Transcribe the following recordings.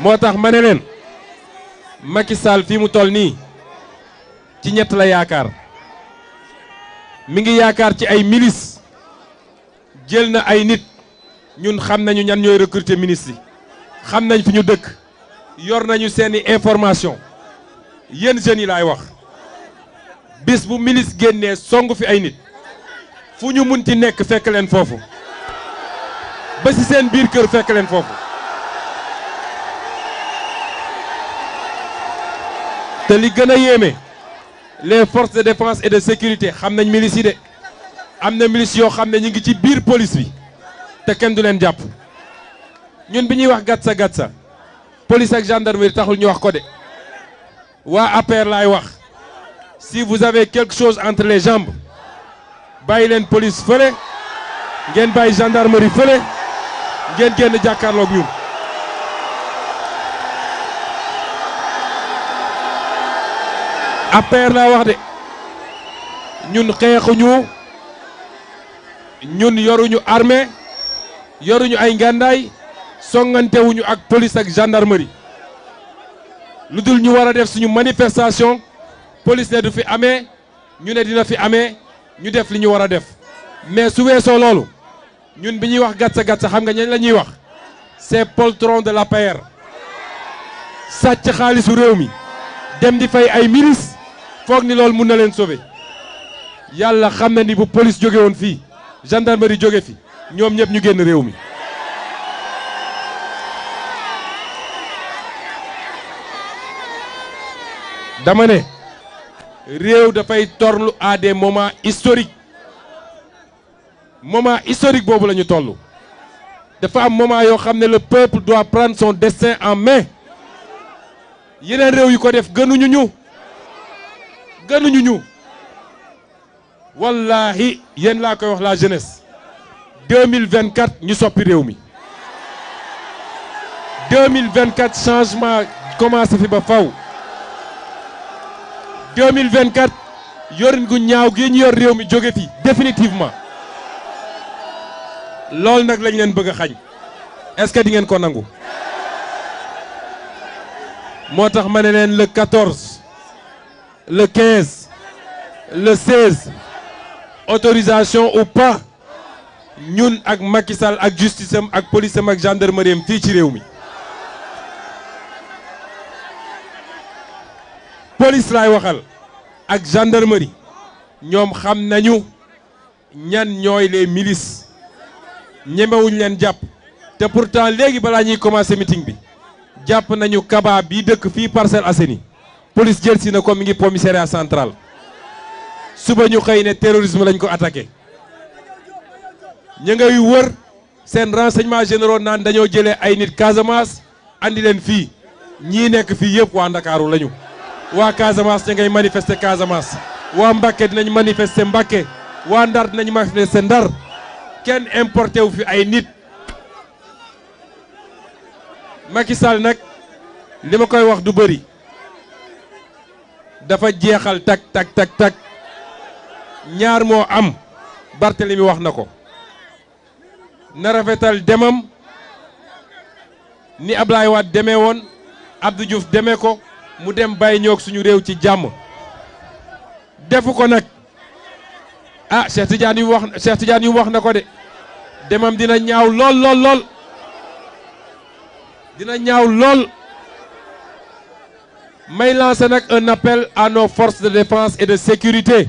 moo tax ma ne leen Macky Sall fii mu toll nii ci ñett la yaakaar mi ngi yaakaar ci ay milices jël na ay nit ñun xam nañu ñan ñooy recruter ministres yi xam nañ fi ñu dëkk yor nañu seeni information yéen jeunes yi laay wax bis bu milice génnee songu fi ay nit fu ñu munti nekk fekk leen foofu ba ci seen biir kër fekk leen foofu te li gën a yéeme les forces de défense et de sécurité xam nañ milice yi de am na milice yoo xam ne ñu ngi ci biir police bi te kenn du leen jàpp ñun bi ñuy wax gatsa gatsa police ak gendarmerie taxul ñu wax ko de waa APR lay wax si vous avez quelque chose entre les jambes bàyyi leen police fële ngeen bàyyi gendarmerie fële ngeen génn jàkkaarloog ñun. APR laa wax de ñun xeexuñu ñun yoruñu armée yoruñu ay ngàndaay songantewuñu ak police ak gendarmerie lu dul ñu war a def suñu manifestation police ne du fi amee ñu ne dina fi amee ñu def li ñu war a def mais su weesoo loolu ñun bi ñuy wax gatsa gatsa xam nga ñañ la ñuy wax c'est poltron de l'APR sàcc xaalisu réew mi dem di fay ay milices foog ni loolu mun na leen sauver yàlla xam na ni bu police jóge woon fii gendarmerie jóge fi ñoom ñëpp ñu génn réew mi. dama ne réew dafay torlu à des moments historiques moment historique boobu lañu ñu dafa am moment yoo xam ne le peuple doit prendre son destin en mais yeneen réew yi ko def gënuñu ñu. gënuñu ñu wallaahi yéen laa koy wax la jeunesse 2024 ñu soppi réew mi 2024 changement commencé fi ba faw 2024 yorin gu ñaaw gi ñu yor réew mi jóge fi définitivement loolu nag lañ leen bëgg a xañ est-ce ngeen ko nangu moo tax ma ne leen le 14 le 15 le 16 autorisation ou pas ñun ak Macky ak justice am ak police am ak gendarmerie fii ci réew mi police laay waxal ak gendarmerie ñoom xam nañu ñan ñooy les milices ñemewuñ leen jàpp te pourtant léegi balaa ñuy commencer meeting bi jàpp nañu kaba bi dëkk fii Parcelles Assainies police jël si na ko mi ngi commissariat central suba ñu xëy ne terrorisme lañ ko attaqué ñu ngay wër seen renseignement généraux naan dañoo jële ay nit Casamance andi leen fii ñii nekk fii yëpp waa Ndakaaru lañu waa Casamance ñu ngay manifester Casamance waa Mbacké dinañ manifester Mbacké waa Ndar dinañ manifester Ndar kenn importé wu fi ay nit Macky Sall nag li ma koy wax du bëri dafa jeexal tak tak tak ñaar moo am Barthélemy wax na ko na rafetal demam ni Ablaye Wade demee woon Abdou Diouf demee ko mu dem bàyyi ñoog suñu réew ci jàmm defu ko nag ah Cheikh Tidiane yu wax Cheikh Tidiane yu wax na ko de demam dina ñaaw lool lool lool dina ñaaw lool may lancer nag un appel à nos forces de défense et de sécurité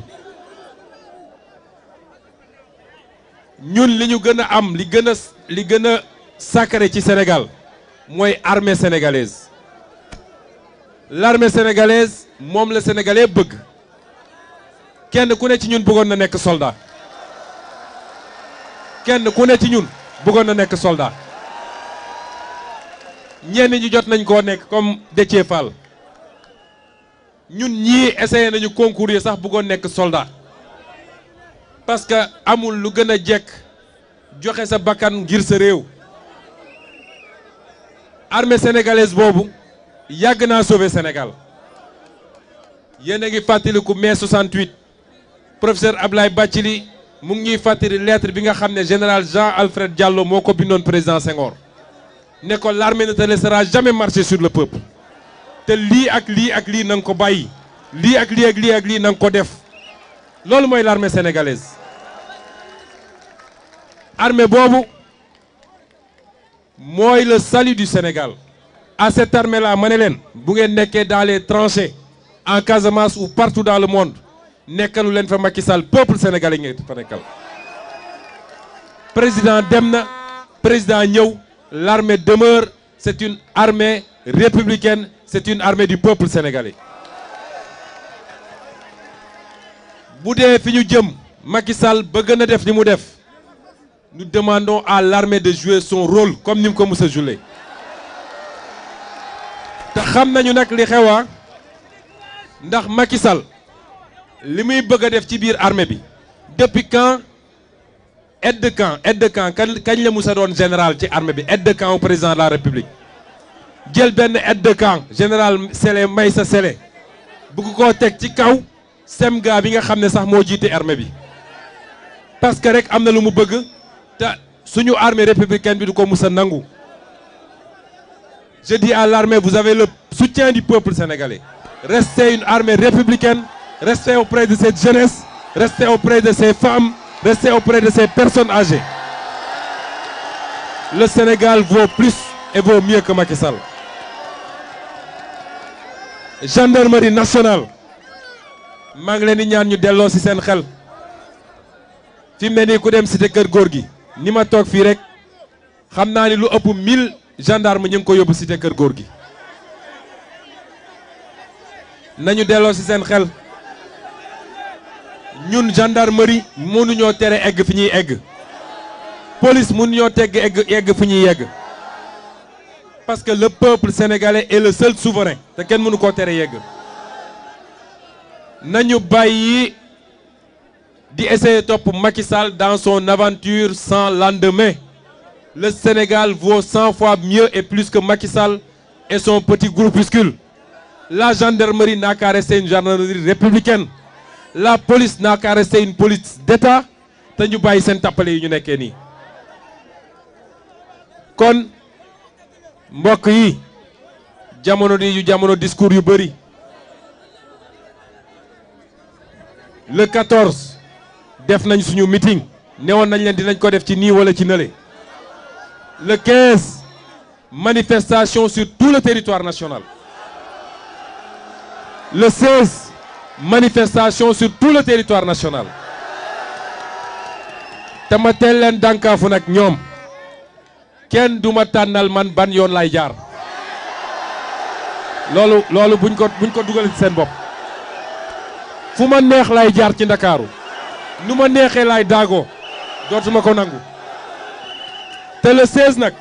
ñun li ñu gën a am li gën a li gën a sacré ci Sénégal mooy armée sénégalaise l'armée sénégalaise moom la sénégalais bëgg kenn ku ne ci ñun buggoon na nekk solda kenn ku ne ci ñun buggoon na nekk soldat ñenn ñi jot nañ koo nekk comme Déthié Fall ñun ñii essayé nañu concours yi sax buggoon nekk soldat parce que amul lu gën a jekk joxe sa bakkan ngir sa réew armee sénégalaise boobu yàgg naa sauver Sénégal yéen a ngi fàttaliku mai ab professeur bàcci li mu ngi ñuy fàttali lettre bi nga xam ne général Jean Alfred Diallo moo ko bindoon président Senghor ne ko l'armée ne te laissera jamais marcher sur le peuple te lii ak lii ak lii na ko bàyyi lii ak lii ak lii ak lii ko def loolu mooy l'armée sénégalaise armée boobu mooy le salut du Sénégal à cette armée là ma ne leen bu ngeen nekkee dans les tranchées en Casamance ou partout dans le monde nekkalu leen fa Macky Sall peuple sénégalais ngeen fa nekkal président dem na président ñëw l'armée demeure c'est une armée républicaine c'est une armée du peuple sénégalais bu dee fi ñu jëm Macky Sall bëgg na def ni mu def nous demandons à l'armée de jouer son rôle comme ni mu ko mës a te xam nañu nag li xewaa ah. ndax Macky Sall li muy bëgg a def ci biir armée bi depuis quand aide de camp aide de camp kañ la musa doon général ci armée bi aide de camp président de la république jël benn aide de camp général Sélé Maysa Sélé bugg koo teg ci kaw semga bi nga xam ne sax moo jiite armée bi parce que rek am na lu mu bëgg te suñu armee républicaine bi du ko musa nangu je dis à l'armée vous avez le soutien du peuple sénégalais reste une armée républicaine restez auprès de cette jeunesse restez auprès de ces femmes restez auprès de ces personnes âgées le Sénégal vaut plus et vaut mieux que Macky Sall gendarmerie nationale maa ngi leen di ñaan ñu delloo ci seen xel fi mel ni ku dem cité kër góor gi ni ma toog fii rek xam naa ni lu ëpp 1000 gendarme ñu ngi ko yóbbu cité kër góor gi nañu delloo ci seen xel ñun gendarmerie mënuñoo tere egg fi ñuy egg polis mënuñoo tegg egg egg fi ñuy yegg parce que le peuple sénégalais est le seul souverain te kenn mënu koo tere yegg nañu bàyyi di essayer topp Macky Sall dans son aventure sans lendemain le Sénégal vaut cent fois mieux et plus que Macky Sall et son petit groupuscule la gendarmerie n'a qu'à rester une gendarmerie républicaine la police n'a qu'à rester une police d'État te ñu bàyyi seen tappale yi ñu nekkee nii mbokk yi jamono di yu jamono discours yu bëri le 14 def nañ suñu meeting newoon nañ leen dinañ ko def ci nii wala ci nële le 15 manifestation sur tout le territoire national le 16 manifestation sur tout le territoire national te ma teel leen dànkaafu nag ñoom kenn duma tànnal man ban yoon lay jaar loolu loolu buñ ko buñ ko dugalee ci seen bopp fu ma neex lay jaar ci ndakaaru nu ma neexee lay daagoo dootuma ko nangu te le 16 nag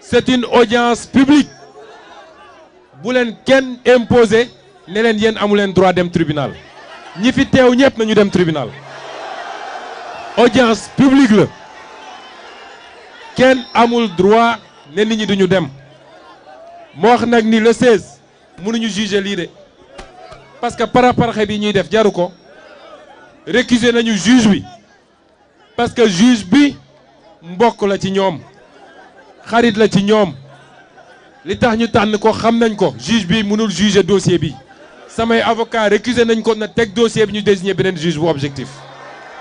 c'est une audience publique bu leen kenn imposé ne leen yéen amu leen droit dem tribunal ñi fi teew ñëpp nañu dem tribunal audience publique la kenn amul droit ne nit ñi duñu dem moo wax nag ni le 16 mënuñu juger lii de parce que paraparaxe bi ñuy def jaru ko récuser nañu juge bi parce que juge bi mbokk la ci ñoom xarit la ci ñoom li tax ñu tànn ko xam nañ ko juge bi mënul juger dossier bi samay avocat récuser nañ ko na teg dossier bi ñu désigner beneen juge bu objectif